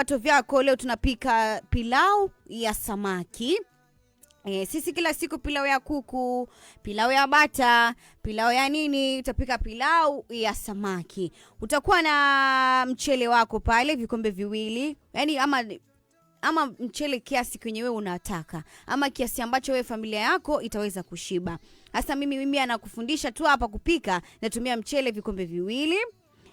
Vipato vyako leo tunapika pilau ya samaki. E, sisi kila siku pilau ya kuku, pilau ya bata, pilau ya nini, utapika pilau ya samaki. Utakuwa na mchele wako pale vikombe viwili, yani ama ama mchele kiasi kwenye wewe unataka, ama kiasi ambacho wewe familia yako itaweza kushiba. hasa mimi mimi anakufundisha tu hapa kupika, natumia mchele vikombe viwili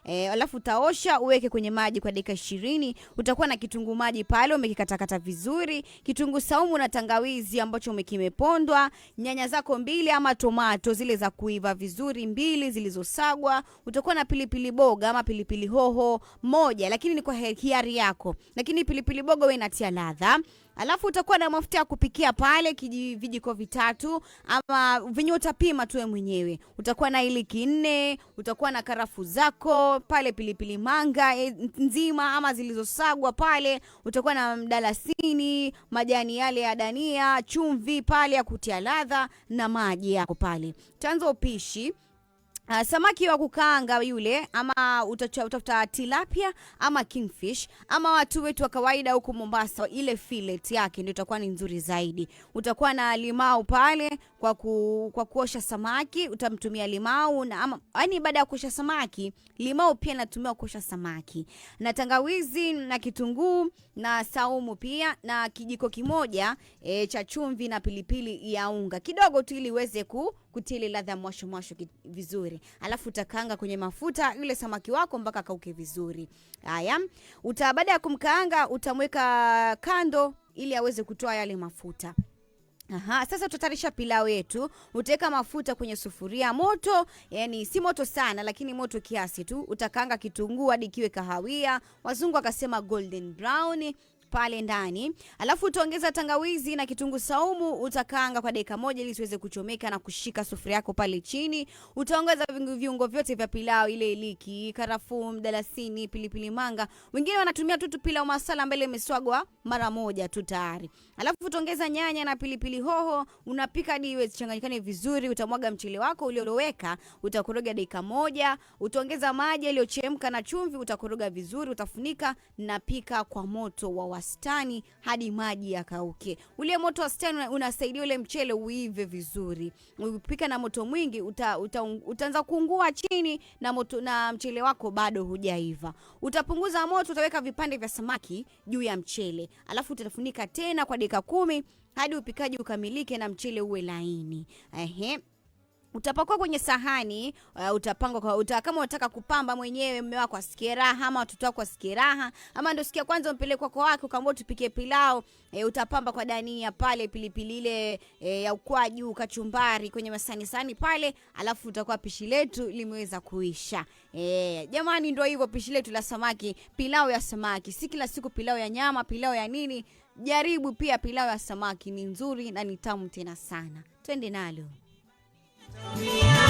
e, alafu utaosha uweke kwenye maji kwa dakika ishirini. Utakuwa na kitunguu maji pale umekikatakata vizuri, kitunguu saumu na tangawizi ambacho umekimepondwa, nyanya zako mbili ama tomato zile za kuiva vizuri mbili zilizosagwa. Utakuwa na pilipili boga ama pilipili hoho moja, lakini ni kwa hiari yako, lakini pilipili boga wewe inatia ladha. Alafu utakuwa na mafuta ya kupikia pale kiji vijiko vitatu ama vinyo, utapima tu wewe mwenyewe. Utakuwa na iliki nne, utakuwa na karafu zako pale pilipili manga e, nzima ama zilizosagwa pale, utakuwa na mdalasini, majani yale ya dania, chumvi pale ya kutia ladha na maji yako pale. Tanzo upishi Uh, samaki wa kukaanga yule ama utafuta tilapia ama kingfish ama watu wetu wa kawaida huku Mombasa, ile fillet yake ndio itakuwa ni nzuri zaidi. Utakuwa na limau pale kwa, ku, kwa kuosha samaki utamtumia limau na ama, yani baada ya kuosha samaki limau pia natumia kuosha samaki na tangawizi na kitunguu na saumu pia na kijiko kimoja e, cha chumvi na pilipili ya unga kidogo tu ili iweze ku kutia ile ladha mwasho mwasho vizuri, alafu utakaanga kwenye mafuta yule samaki wako mpaka akauke vizuri. Haya, uta baada ya kumkaanga utamweka kando ili aweze kutoa yale mafuta. Aha, sasa tutatarisha pilau yetu. Utaweka mafuta kwenye sufuria moto, yani si moto sana, lakini moto kiasi tu. Utakanga kitunguu hadi kiwe kahawia, wazungu akasema golden brown pale ndani, alafu utaongeza tangawizi na kitungu saumu, utakaanga kwa dakika moja ili siweze kuchomeka na kushika sufuria yako pale chini. Utaongeza viungo vyote vya pilau, ile iliki, karafuu, mdalasini, pilipili manga. Wengine wanatumia tu pilau masala ambayo imeswagwa mara moja tu tayari. Alafu utaongeza nyanya na pilipili hoho, unapika hadi iwe changanyikane vizuri. Utamwaga mchele wako ulioloweka, utakoroga dakika moja, utaongeza maji yaliyochemka na chumvi, utakoroga vizuri, utafunika na pika kwa moto wa wastani wastani hadi maji yakauke. Ule moto wastani unasaidia ule mchele uive vizuri. Ukipika na moto mwingi uta, uta, utaanza kuungua chini na moto, na mchele wako bado hujaiva. Utapunguza moto, utaweka vipande vya samaki juu ya mchele, alafu utafunika tena kwa dakika kumi hadi upikaji ukamilike na mchele uwe laini. Ehe utapakua kwenye sahani uh, utapangwa kwa uta, kama unataka kupamba mwenyewe mume wako asikie raha, ama watoto wako asikie raha, ama ndio sikia kwanza umpeleke kwako wako ukaambia tupike pilau e, utapamba kwa dania pale, pilipili ile e, ya ukwaju, kachumbari kwenye masani sani pale, alafu utakuwa pishi letu limeweza kuisha. E, jamani, ndio hivyo pishi letu la samaki, pilau ya samaki. Si kila siku pilau ya nyama, pilau ya nini. Jaribu pia pilau ya samaki, ni nzuri na ni tamu tena sana. Twende nalo. Yeah.